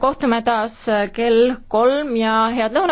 kohtume taas kell kolm ja head lõunat!